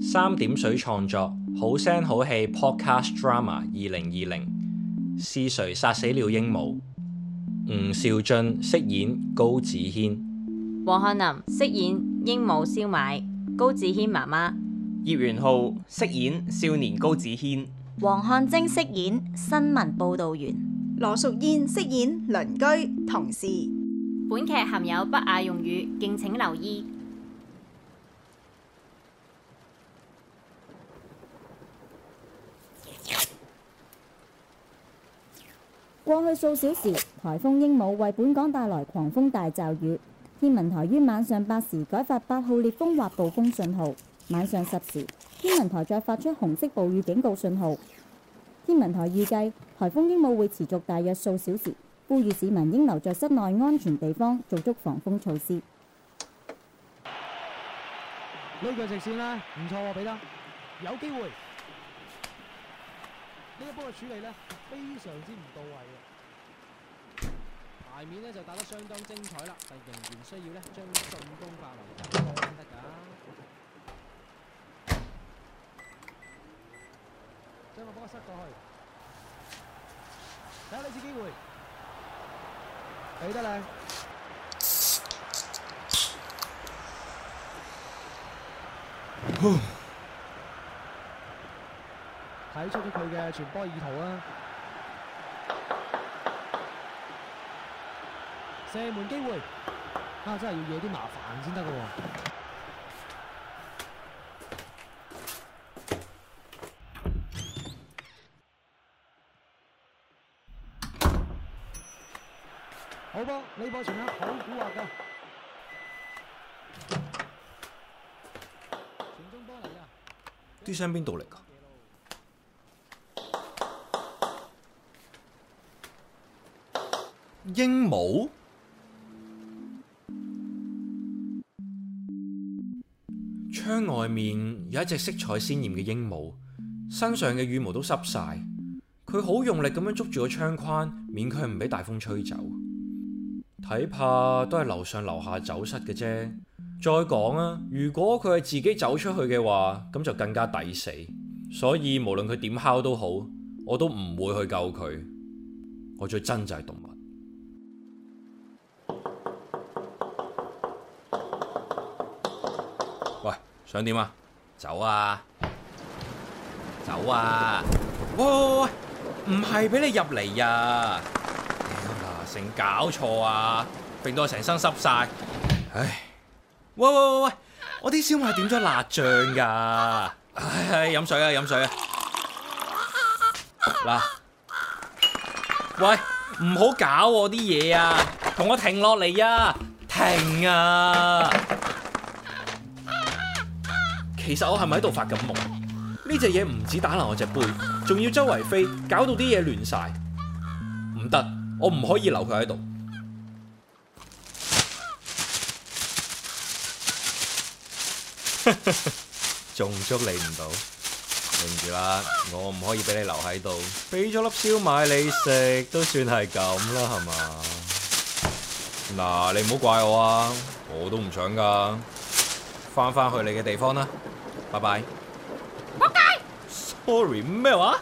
三點水創作好聲好戲 Podcast Drama 二零二零，是誰殺死了鸚鵡？吳肇俊飾演高子軒，黃翰淋飾演鸚鵡燒賣，高子軒媽媽，葉元顥飾演少年高子軒，黃翰貞飾演新聞報道員，羅淑燕飾演鄰居同事。本劇含有不雅用語，敬請留意。過去數小時，颱風鸚鵡為本港帶來狂風大驟雨。天文台於晚上八時改發八號烈風或暴風信號，晚上十時，天文台再發出紅色暴雨警告信號。天文台預計颱風鸚鵡會持續大約數小時，呼籲市民應留在室內安全地方，做足防風措施。呢個直線啦，唔錯喎，俾啦，有機會。呢一波嘅處理呢，非常之唔到位嘅。排面呢就打得相當精彩啦，但仍然需要呢將進攻發動先得㗎。將個波塞過去，得一次機會，俾得你。睇出咗佢嘅傳波意圖啊，射門機會啊，啊真係要惹啲麻煩先得嘅喎！好波，呢波傳得好古惑嘅。傳中波嚟啊！啲聲邊度嚟㗎？鸚鵡窗外面有一隻色彩鮮艷嘅鸚鵡，身上嘅羽毛都濕晒。佢好用力咁樣捉住個窗框，免佢唔俾大風吹走。睇怕都係樓上樓下走失嘅啫。再講啊，如果佢係自己走出去嘅話，咁就更加抵死。所以無論佢點敲都好，我都唔會去救佢。我最憎就係動想點啊？走啊！走啊！喂喂喂，唔係俾你入嚟啊！嗱、哎，成搞錯啊！令到我成身濕晒。唉，喂喂喂喂，我啲燒賣點咗辣醬噶？唉、哎，飲水啊，飲水啊！嗱，喂，唔好搞我啲嘢啊！同我停落嚟啊！停啊！其實我係咪喺度發緊夢？呢隻嘢唔止打爛我隻杯，仲要周圍飛，搞到啲嘢亂晒。唔得，我唔可以留佢喺度。仲 捉你唔到，對唔住啦，我唔可以俾你留喺度。俾咗粒燒賣你食，都算係咁啦，係嘛？嗱，你唔好怪我啊，我都唔想噶。翻返去你嘅地方啦。拜拜！扑街！Sorry 咩話？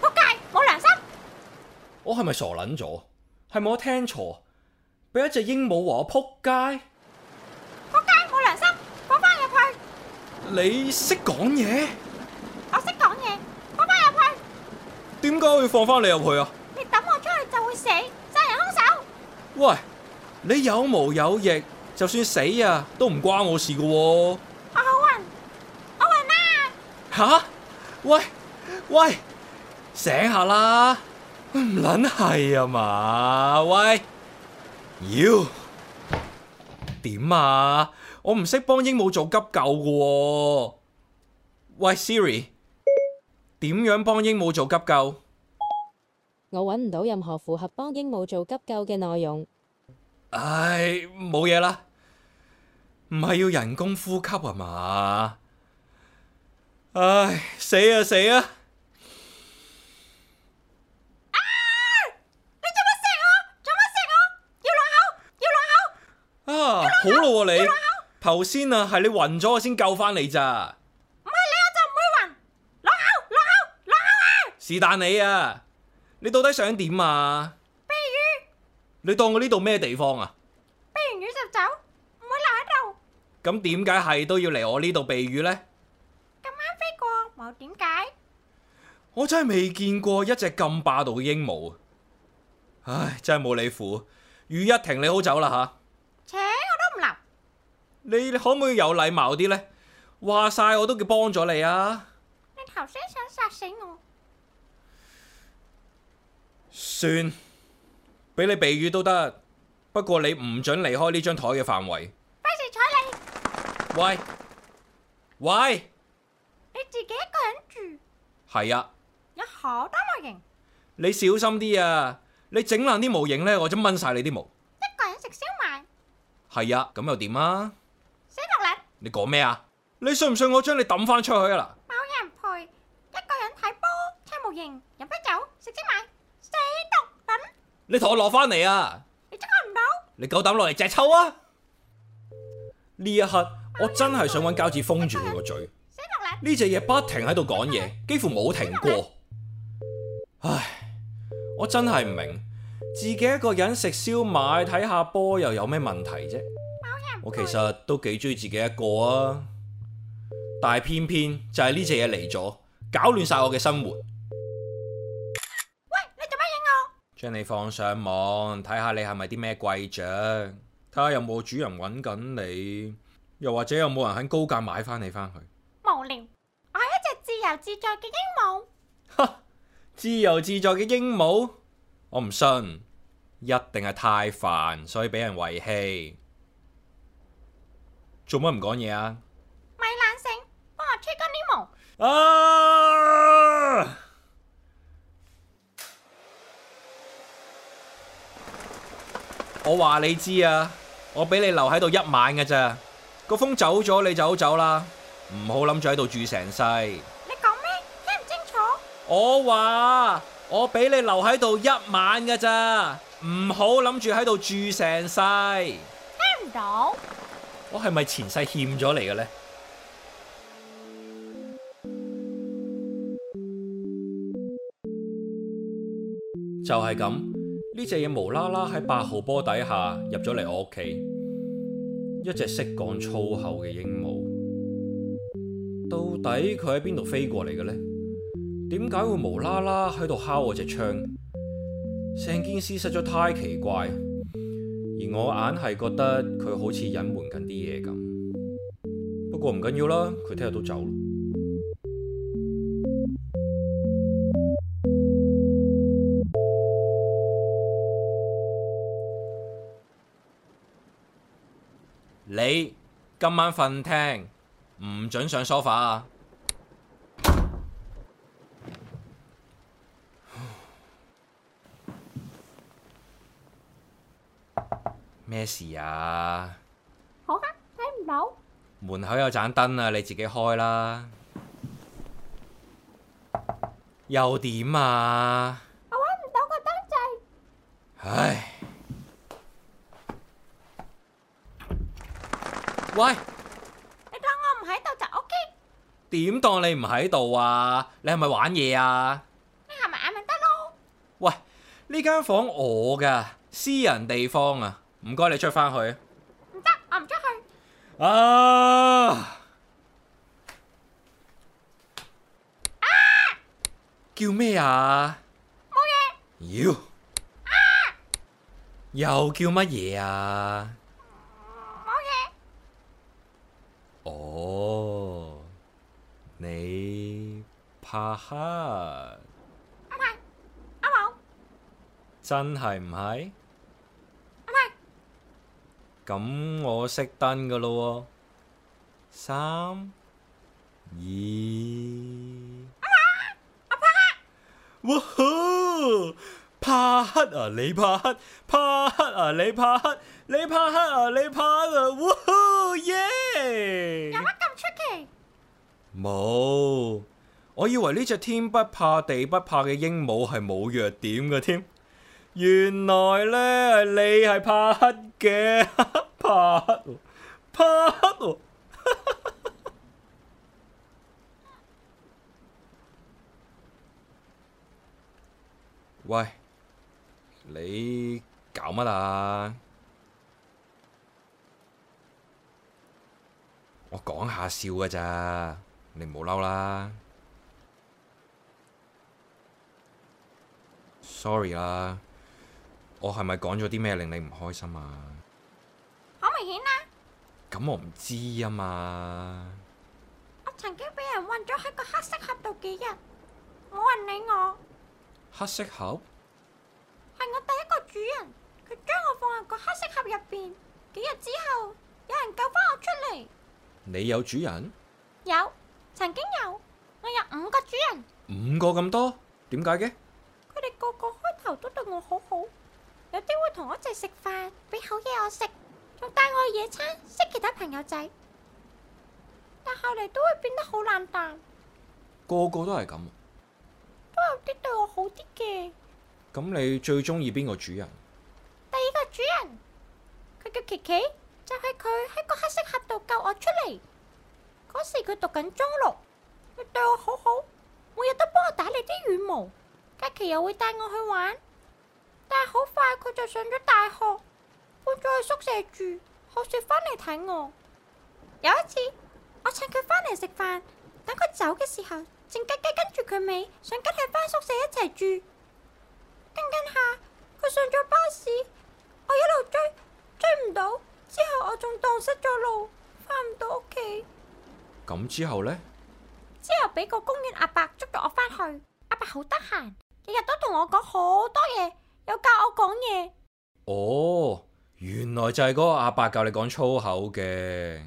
扑街冇良心！我係咪傻捻咗？係咪我聽錯？俾一隻鸚鵡話我扑街？扑街冇良心！放翻入去。你識講嘢？我識講嘢。放翻入去。點解會放翻你入去啊？你抌我出去就會死，殺人凶手！喂，你有毛有翼，就算死啊都唔關我事噶。吓！喂喂，醒下啦！唔捻係啊嘛！喂，妖，點啊？我唔識幫鸚鵡做急救噶。喂，Siri，點樣幫鸚鵡做急救？我搵唔到任何符合幫鸚鵡做急救嘅內容。唉，冇嘢啦。唔係要人工呼吸啊嘛？唉，死啊死啊！啊你做乜錫我？做乜錫我？要落口，要落口。啊，好咯、啊、你。頭先啊，係你暈咗，我先救翻你咋。唔係你我就唔會暈。落口，落口，落口啊！是但你啊，你到底想點啊？避雨。你當我呢度咩地方啊？避完雨就走，唔會留喺度。咁點解係都要嚟我呢度避雨呢？點解？我真係未見過一隻咁霸道嘅鸚鵡，唉，真係冇你符。雨一停，你好走啦吓。扯、啊、我都唔留。你可唔可以有禮貌啲呢？話晒我都叫幫咗你啊。你頭先想殺死我？算，俾你避雨都得。不過你唔准離開呢張台嘅範圍。費事睬你。喂，喂，你自己。係啊，有好多模型。你小心啲啊！你整爛啲模型咧，我就掹晒你啲毛。一個人食燒賣。係啊，咁又點啊？死毒咧，你講咩啊？你信唔信我將你抌翻出去啊啦？冇人陪，一個人睇波，拆模型，飲啤酒，食燒賣，死毒品！你同我攞翻嚟啊！你捉我唔到，你夠膽落嚟隻抽啊？呢一刻人我真係想揾膠紙封住你個人住嘴。呢隻嘢不停喺度講嘢，幾乎冇停過。唉，我真係唔明，自己一個人食燒賣睇下波又有咩問題啫？我其實都幾中意自己一個啊，但係偏偏就係呢隻嘢嚟咗，搞亂晒我嘅生活。喂，你做乜影我？將你放上網，睇下你係咪啲咩貴掌，睇下有冇主人揾緊你，又或者有冇人喺高價買翻你翻去。無聊，我係一隻自由自在嘅鸚鵡。哈，自由自在嘅鸚鵡，我唔信，一定係太煩所以俾人遺棄。做乜唔講嘢啊？咪冷親，幫我吹個呢毛。啊！我話你知啊，我俾你留喺度一晚㗎咋，個風走咗你就好走啦。唔好諗住喺度住成世。你講咩？聽唔清楚。我話我俾你留喺度一晚噶咋，唔好諗住喺度住成世。聽唔到。我係咪前世欠咗你嘅呢？ 就係咁，呢隻嘢,無啦啦喺八號波底下入咗嚟我屋企，一隻識講粗口嘅鸚鵡。到底佢喺邊度飛過嚟嘅呢？點解會無啦啦喺度敲我隻窗？成件事實在太奇怪，而我硬係覺得佢好似隱瞞緊啲嘢咁。不過唔緊要啦，佢聽日都走。你，今晚瞓廳。唔准上梳化啊！咩事啊？好黑，睇唔到。門口有盞燈啊，你自己開啦。又點啊？我睇唔到個燈仔。唉。喂。點當你唔喺度啊？你係咪玩嘢啊？你係咪眼瞓得咯？喂，呢間房我嘅私人地方啊，唔該你出返去。唔得，我唔出去。啊！啊！叫咩啊？冇嘢。妖！啊！又叫乜嘢啊？冇嘢。哦。你怕黑？唔係，阿寶，真係唔係。唔係。咁我熄燈噶咯，三二。阿媽，阿爸。哇哈，怕黑啊！你怕黑，怕黑啊！你怕黑，你怕黑啊！你怕啊！哇哈，耶。冇，我以為呢隻天不怕地不怕嘅鸚鵡係冇弱點嘅添，原來咧你係怕黑嘅，怕黑，怕黑，哈哈，喂，你搞乜啊？我講下笑噶咋？你唔好嬲啦，sorry 啦，我係咪講咗啲咩令你唔開心啊？好明顯啊！咁我唔知啊嘛。我曾經俾人困咗喺個黑色盒度幾日，冇人理我。黑色盒？係我第一個主人，佢將我放入個黑色盒入邊，幾日之後有人救翻我出嚟。你有主人？有。曾經有，我有五個主人，五個咁多，點解嘅？佢哋個個開頭都對我好好，有啲會同我一齊食飯，俾好嘢我食，仲帶我去野餐，識其他朋友仔。但後嚟都會變得好冷淡。個個都係咁，都有啲對我好啲嘅。咁你最中意邊個主人？第二個主人，佢叫琪琪，就係佢喺個黑色盒度救我出嚟。嗰時佢讀緊中六，佢對我好好，每日都幫我打理啲羽毛，假期又會帶我去玩。但係好快佢就上咗大學，搬咗去宿舍住，好少翻嚟睇我。有一次，我趁佢翻嚟食飯，等佢走嘅時候，靜雞雞跟住佢尾，想跟佢翻宿舍一齊住。跟跟下，佢上咗巴士，我一路追，追唔到。之後我仲蕩失咗路，翻唔到屋企。咁之後呢？之後俾個公園阿伯捉咗我翻去。阿伯好得閒，日日都同我講好多嘢，又教我講嘢。哦，原來就係嗰個阿伯教你講粗口嘅。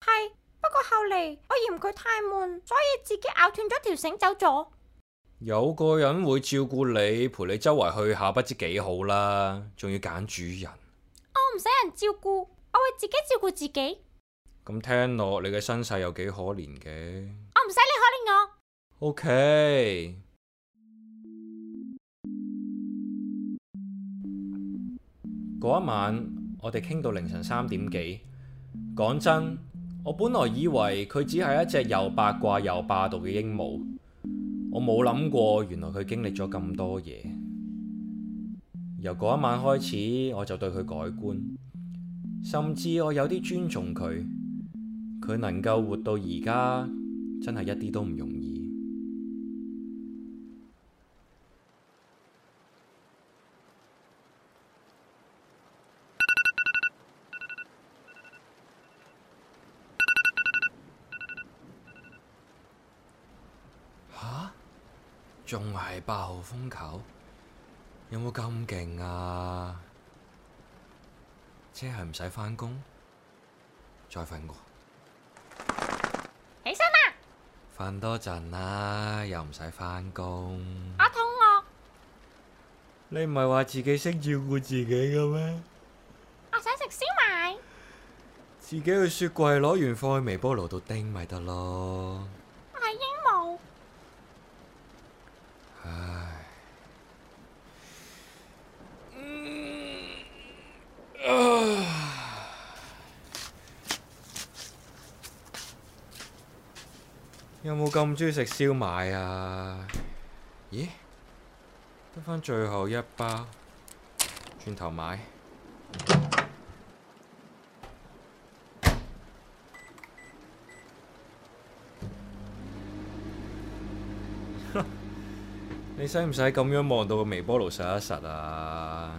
係，不過後嚟我嫌佢太悶，所以自己咬斷咗條繩走咗。有個人會照顧你，陪你周圍去下，不知幾好啦。仲要揀主人，我唔使人照顧，我會自己照顧自己。咁聽落，你嘅身世又幾可憐嘅？我唔使你可憐我，okay。O K。嗰一晚，我哋傾到凌晨三點幾。講真，我本來以為佢只係一隻又八卦又霸道嘅鸚鵡，我冇諗過，原來佢經歷咗咁多嘢。由嗰一晚開始，我就對佢改觀，甚至我有啲尊重佢。佢能夠活到而家，真係一啲都唔容易。吓？仲係八號風球？有冇咁勁啊？即係唔使返工，再瞓過。瞓多陣啦，又唔使翻工。阿通我，你唔係話自己識照顧自己嘅咩？我想食燒賣，自己去雪櫃攞完放去微波爐度叮咪得咯。阿係鸚鵡，唉，嗯，啊。有冇咁鍾意食燒賣啊？咦，得返最後一包，轉頭買。你使唔使咁樣望到個微波爐實一實啊？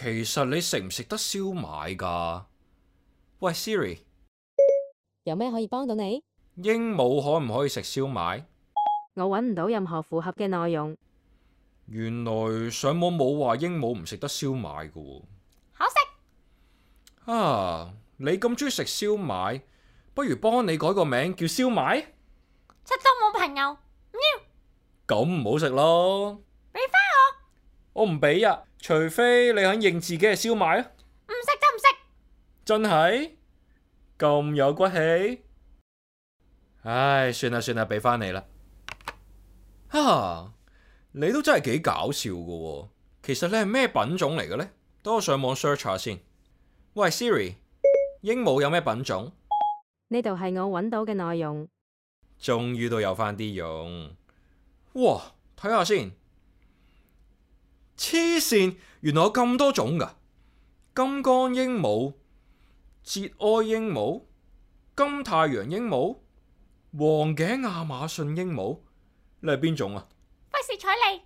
其實你食唔食得燒賣噶？喂，Siri，有咩可以幫到你？鸚鵡可唔可以食燒賣？我揾唔到任何符合嘅內容。原來上網冇話鸚鵡唔食得燒賣噶。可惜啊，你咁中意食燒賣，不如幫你改個名叫燒賣。七周冇朋友。喵。咁唔好食咯。我唔畀呀，除非你肯認自己係燒賣啊！唔食就唔食，真係咁有骨氣。唉，算啦算啦，畀翻你啦。哈、啊，你都真係幾搞笑噶。哦。其實你係咩品種嚟嘅呢？等我上網 search 下先。喂，Siri，鸚鵡有咩品種？呢度係我揾到嘅內容。終於都有翻啲用。哇，睇下先。黐線，原來有咁多種㗎，金剛鸚鵡、捷愛鸚鵡、金太陽鸚鵡、黃頸亞馬遜鸚鵡，你係邊種啊？費事睬你！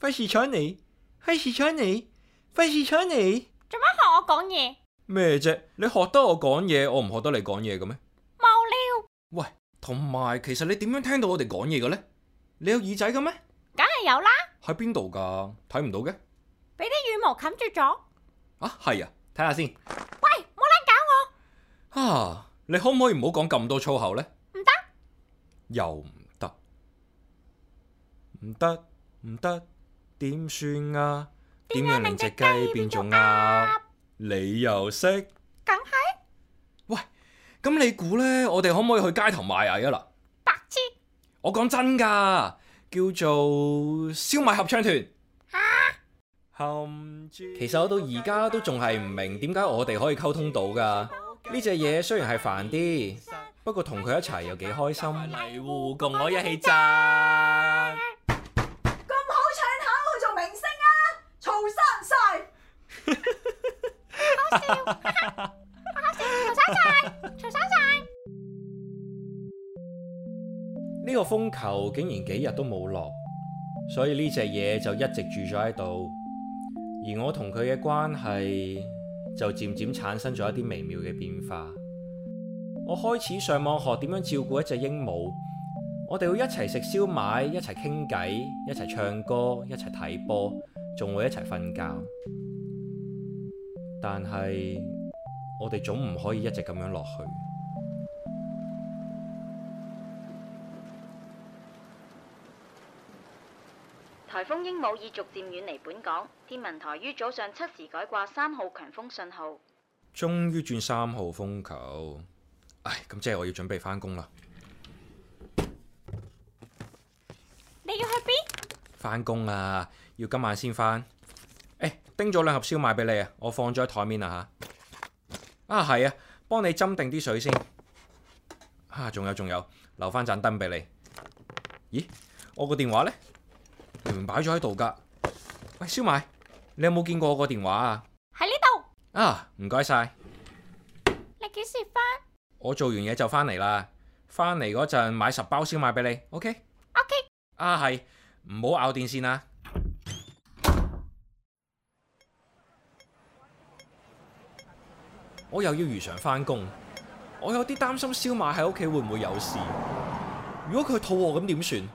費事睬你！費事睬你！費事睬你！做乜學我講嘢？咩啫？你學得我講嘢，我唔學得你講嘢嘅咩？無聊。喂，同埋其實你點樣聽到我哋講嘢嘅呢？你有耳仔嘅咩？梗係有啦，喺邊度噶？睇唔到嘅，俾啲羽毛冚住咗。啊，係啊，睇下先。喂，冇撚搞我。啊，你可唔可以唔好講咁多粗口咧？唔得，又唔得，唔得唔得，點算啊？點樣令隻雞變做鴨？你又識？梗係。喂，咁你估咧？我哋可唔可以去街頭賣藝啊？嗱，白痴，我講真噶。叫做燒賣合唱團。其實我到而家都仲係唔明點解我哋可以溝通到㗎。呢隻嘢雖然係煩啲，不過同佢一齊又幾開心。迷糊共我一起賺。咁好唱口去做明星啊！嘈生晒，好笑，好笑，嘈生晒，嘈生晒。呢個風球竟然幾日都冇落，所以呢隻嘢，就一直住咗喺度。而我同佢嘅關係就漸漸產生咗一啲微妙嘅變化。我開始上網學點樣照顧一隻鸚鵡，我哋會一齊食燒賣，一齊傾偈，一齊唱歌，一齊睇波，仲會一齊瞓覺。但係我哋總唔可以一直咁樣落去。颱風鸚鵡已逐漸遠離本港，天文台於早上七時改掛三號強風信號。終於轉三號風球，唉，咁即係我要準備翻工啦。你要去邊？翻工啊，要今晚先翻。誒，叮咗兩盒燒賣俾你啊，我放咗喺台面啦吓。啊，係啊，幫你斟定啲水先。啊，仲有仲有，留翻盞燈俾你。咦，我個電話呢？擺咗喺度噶。喂，燒賣，你有冇見過我個電話啊？喺呢度。啊，唔該晒。你幾時翻？我做完嘢就翻嚟啦。翻嚟嗰陣買十包燒賣俾你，OK？OK、OK? OK。啊，係，唔好咬電線啊！我又要如常翻工，我有啲擔心燒賣喺屋企會唔會有事？如果佢肚餓咁點算？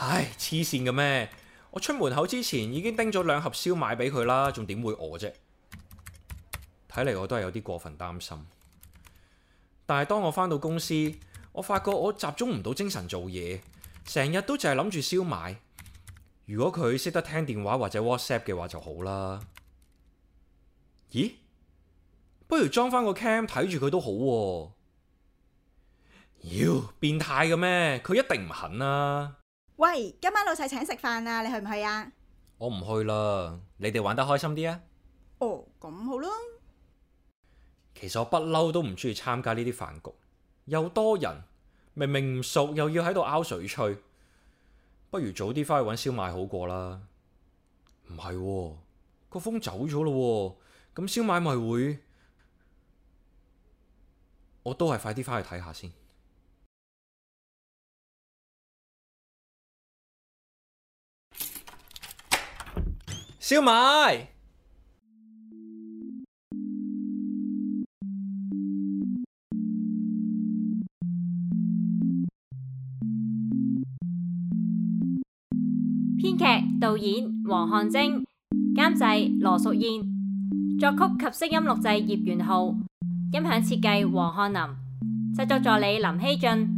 唉，黐線嘅咩？我出門口之前已經叮咗兩盒燒賣俾佢啦，仲點會餓啫？睇嚟我都係有啲過分擔心。但係當我返到公司，我發覺我集中唔到精神做嘢，成日都淨係諗住燒賣。如果佢識得聽電話或者 WhatsApp 嘅話就好啦。咦？不如裝翻個 cam 睇住佢都好喎，啊。妖，變態嘅咩？佢一定唔肯啦，啊。喂，今晚老細請食飯啊，你去唔去啊？我唔去啦，你哋玩得開心啲啊！哦，咁好囉。其實我不嬲都唔中意參加呢啲飯局，又多人，明明唔熟又要喺度拗水吹，不如早啲返去搵燒賣好過啦。唔係喎，個風走咗啦喎，咁燒賣咪會。我都係快啲返去睇下先。燒賣。編劇、導演，黃翰貞，監製羅淑燕，作曲及聲音錄製，葉元顥，音響設計，黃翰淋，製作助理，林熙俊。